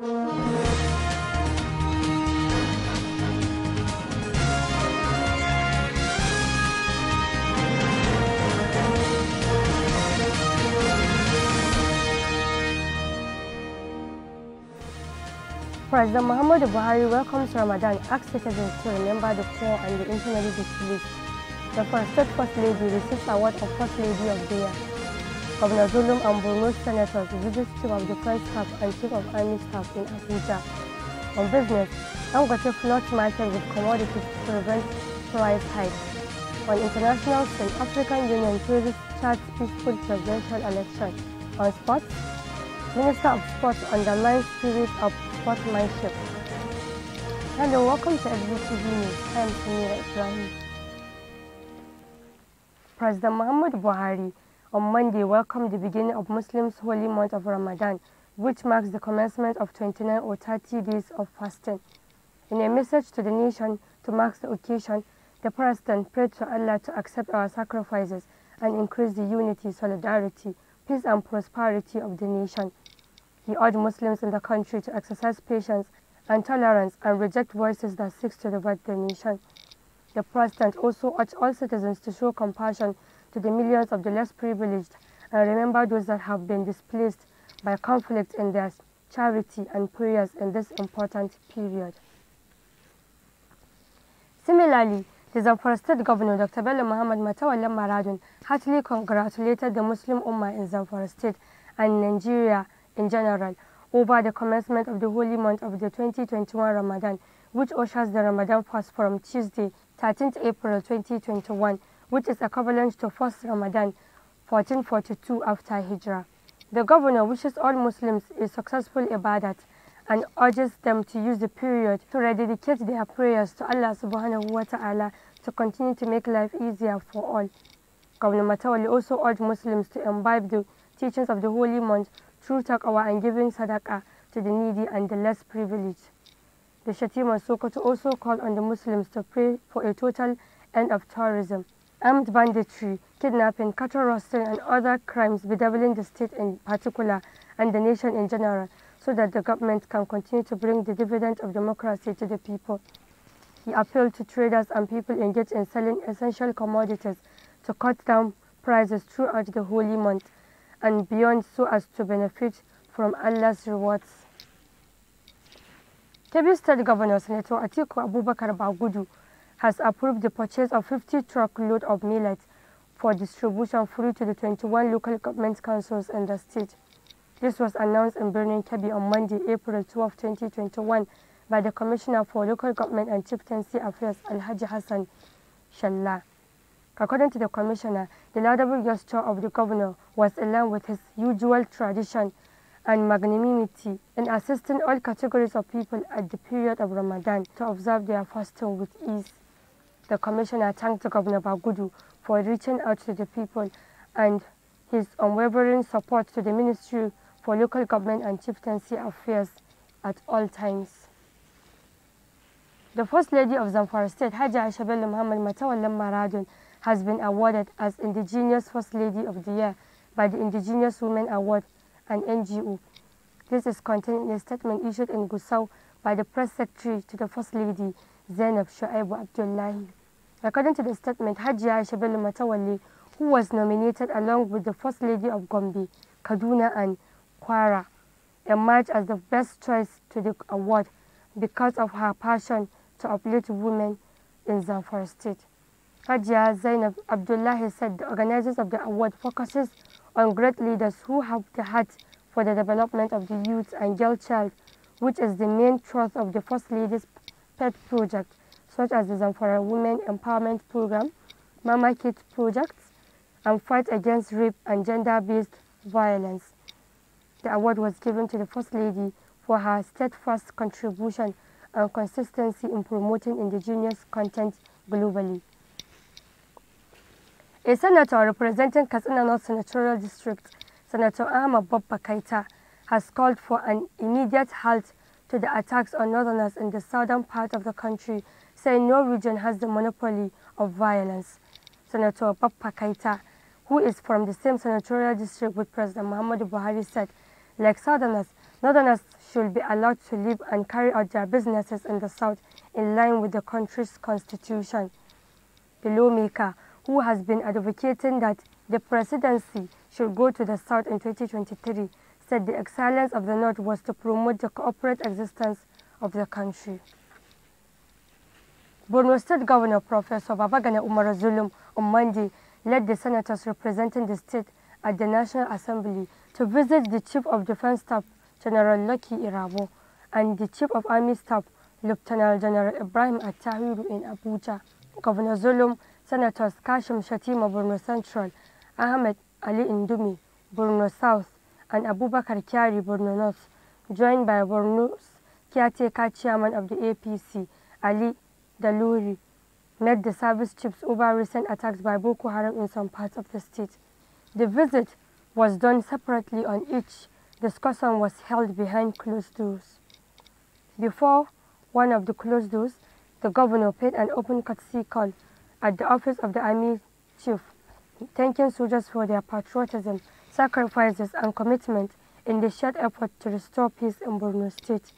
President Muhammadu Buhari welcomes Ramadan, asks citizens to remember the poor and the internally displaced. The first First Lady receives award of First Lady of the Year. Governor Zulum and Borno senators visit Chief of Defense Staff and Chief of Army Staff in Abuja. On business, I'm going to floods market with commodities to prevent price hikes. On international scene, African Union praises Chad's peaceful presidential election. On sports, Minister of Sports underlines spirit of sportsmanship. Hello, welcome to FBTV News. I am Samira Ibrahim. President Muhammad Buhari on Monday welcomed the beginning of Muslims' holy month of Ramadan, which marks the commencement of 29 or 30 days of fasting. In a message to the nation to mark the occasion, the president prayed to Allah to accept our sacrifices and increase the unity, solidarity, peace and prosperity of the nation. He urged Muslims in the country to exercise patience and tolerance and reject voices that seek to divide the nation. The president also urged all citizens to show compassion to the millions of the less privileged and uh, remember those that have been displaced by conflict in their charity and prayers in this important period. Similarly, the Zamfara State Governor, Dr. Bello Muhammad Matawalle Maradun, heartily congratulated the Muslim Ummah in Zamfara State and Nigeria in general over the commencement of the holy month of the 2021 Ramadan, which ushers the Ramadan fast from Tuesday, 13th April 2021 which is equivalent to first Ramadan 1442 after Hijrah. The governor wishes all Muslims a successful ibadat and urges them to use the period to rededicate their prayers to Allah subhanahu wa ta'ala to continue to make life easier for all. Governor Matawali also urged Muslims to imbibe the teachings of the holy month through taqwa and giving sadaqah to the needy and the less privileged. The Shatima Sokoto also called on the Muslims to pray for a total end of tourism armed banditry, kidnapping, cattle rustling, and other crimes bedeviling the state in particular and the nation in general, so that the government can continue to bring the dividend of democracy to the people. He appealed to traders and people engaged in selling essential commodities to cut down prices throughout the holy month and beyond so as to benefit from Allah's rewards. Kebbi State Governor Senator Atiku Abubakar Bagudu has approved the purchase of 50 truckloads of millet for distribution free to the 21 local government councils in the state. This was announced in Birnin Kebbi on Monday, April 12, 2021 by the Commissioner for Local Government and Chieftaincy Affairs, Alhaji Hassan Shalla. According to the Commissioner, the laudable gesture of the Governor was in line with his usual tradition and magnanimity in assisting all categories of people at the period of Ramadan to observe their fasting with ease the Commissioner thanked Governor Bagudu for reaching out to the people and his unwavering support to the Ministry for Local Government and Chieftaincy Affairs at all times. The First Lady of Zamfara State, Haja Ashabel Muhammad Matawalam Maradun, has been awarded as Indigenous First Lady of the Year by the Indigenous Women Award, an NGO. This is contained in a statement issued in Gusau by the Press Secretary to the First Lady, Zainab Shoaibu Abdullahi. According to the statement, Hajiya Shebele Matawali, who was nominated along with the First Lady of Gombe, Kaduna and Kwara, emerged as the best choice to the award because of her passion to uplift women in Zamfara State. Hajiya Zainab Abdullahi said the organizers of the award focuses on great leaders who have the heart for the development of the youth and girl child, which is the main thrust of the First Lady's PET project such as the Zamfara Women Empowerment Program, Mama Kit projects, and Fight Against Rape and Gender-Based Violence. The award was given to the First Lady for her steadfast contribution and consistency in promoting indigenous content globally. A senator representing Katsina North Senatorial District, Senator Ahmad Bob Bakaita, has called for an immediate halt to the attacks on northerners in the southern part of the country saying no region has the monopoly of violence. Senator Papa Kaita, who is from the same senatorial district with President Muhammadu Buhari, said, like Southerners, Northerners should be allowed to live and carry out their businesses in the South in line with the country's constitution. The lawmaker, who has been advocating that the presidency should go to the South in 2023, said the excellence of the North was to promote the corporate existence of the country. Borno State Governor Professor Babagana Umar Zulum on Monday led the senators representing the state at the National Assembly to visit the Chief of Defense Staff General Lucky Irabo and the Chief of Army Staff Lieutenant General Ibrahim Atahiru in Abuja. Governor Zulum, Senators Kashim Shatima Borno Central, Ahmed Ali Indumi Borno South, and Abubakar Kyari Borno North, joined by Borno's caretaker chairman of the APC, Ali the lorry met the service chiefs over recent attacks by Boko Haram in some parts of the state. The visit was done separately on each discussion was held behind closed doors. Before one of the closed doors, the governor paid an open courtesy call at the office of the army chief, thanking soldiers for their patriotism, sacrifices and commitment in the shared effort to restore peace in Borno State.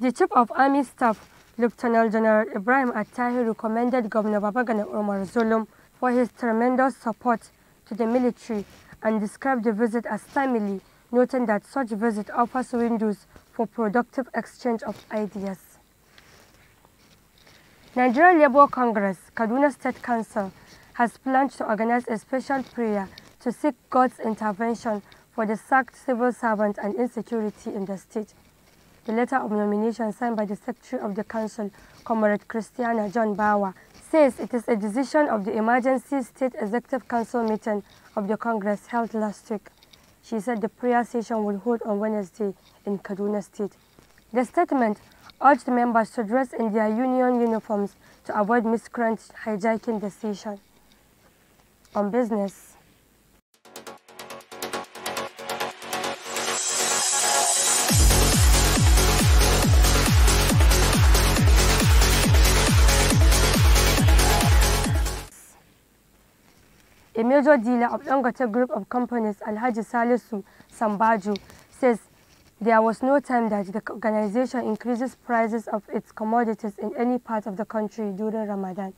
The chief of army staff Lieutenant General Ibrahim Atahi recommended Governor Babagana Omar Zulum for his tremendous support to the military and described the visit as timely, noting that such visit offers windows for productive exchange of ideas. Nigeria Labour Congress, Kaduna State Council, has planned to organize a special prayer to seek God's intervention for the sacked civil servants and insecurity in the state. The letter of nomination signed by the Secretary of the Council, Comrade Christiana John Bauer, says it is a decision of the Emergency State Executive Council meeting of the Congress held last week. She said the prayer session will hold on Wednesday in Kaduna State. The statement urged members to dress in their union uniforms to avoid miscreants hijacking the session On business, major dealer of Dangote Group of Companies, Alhaji Salisu Sambaju, says there was no time that the organization increases prices of its commodities in any part of the country during Ramadan.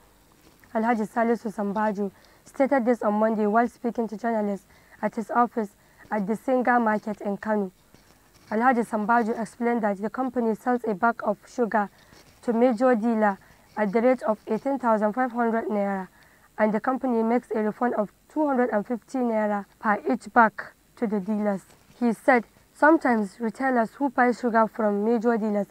Alhaji Salisu Sambaju stated this on Monday while speaking to journalists at his office at the Singa Market in Kanu. Alhaji Sambaju explained that the company sells a bag of sugar to major dealer at the rate of 18,500 naira and the company makes a refund of 250 naira per each bag to the dealers. He said sometimes retailers who buy sugar from major dealers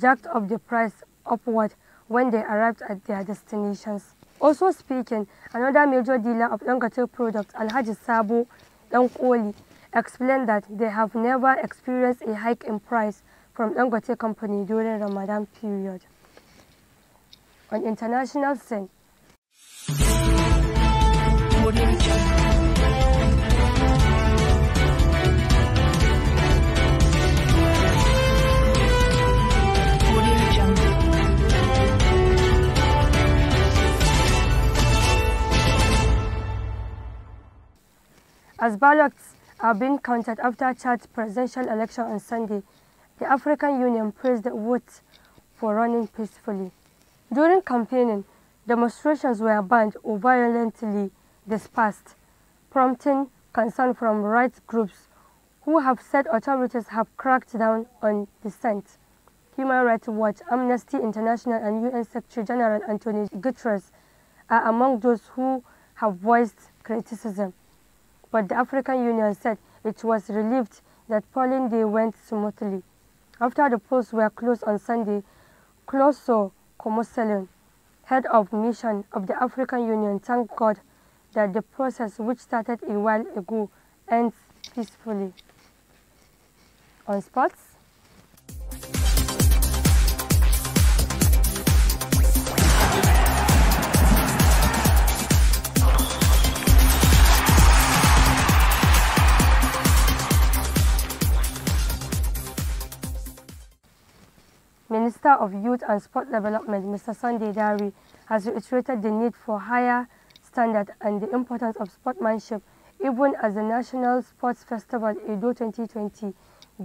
jacked up the price upward when they arrived at their destinations. Also speaking, another major dealer of Langatil products, Alhaji Sabo Dankoli, explained that they have never experienced a hike in price from Dangote Company during Ramadan period. On international scene, As ballots are being counted after Chad's presidential election on Sunday, the African Union praised the vote for running peacefully. During campaigning, demonstrations were banned or violently dispersed, prompting concern from rights groups who have said authorities have cracked down on dissent. Human Rights Watch, Amnesty International and UN Secretary General Antonio Guterres are among those who have voiced criticism but the African Union said it was relieved that polling day went smoothly. After the polls were closed on Sunday, Closo Komoselen, head of mission of the African Union, thanked God that the process which started a while ago ends peacefully. On sports, Minister of Youth and Sport Development, Mr. Sunday Dari, has reiterated the need for higher standard and the importance of sportsmanship even as the National Sports Festival Edo 2020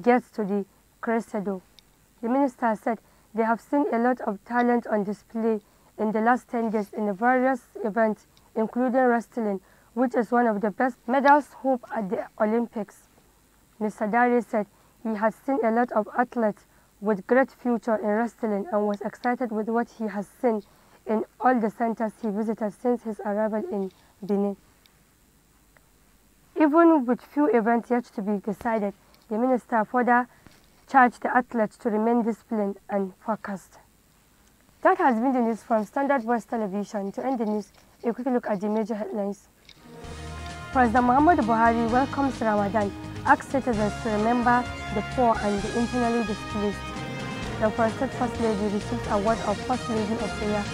gets to the crescendo. The minister said they have seen a lot of talent on display in the last 10 days in the various events, including wrestling, which is one of the best medals hope at the Olympics. Mr. Dari said he has seen a lot of athletes with great future in wrestling and was excited with what he has seen in all the centers he visited since his arrival in Benin. Even with few events yet to be decided, the minister further charged the athletes to remain disciplined and focused. That has been the news from Standard Voice Television. To end the news, a quick look at the major headlines. President Muhammad Buhari welcomes Ramadan, asks citizens to remember the poor and the internally displaced the Forested First Lady received award of First Lady of the Year.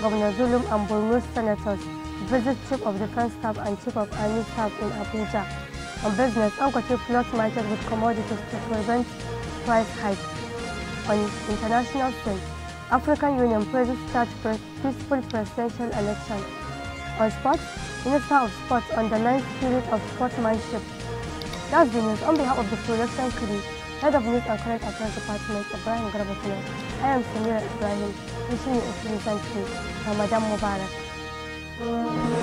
Governor Zulum and Borno senators visit Chief of Defense Staff and Chief of Army Staff in Abuja. On business, Ogote floods market with commodities to prevent price hikes. On international scene, African Union praises start peaceful presidential election. On sports, Minister of Sports underlines spirit of sportsmanship. That's the news on behalf of the production crew. Head of News and Current Affairs Department Ibrahim Garbatina. I am Samira Ibrahim, wishing you a pleasant Ramadan Mubarak.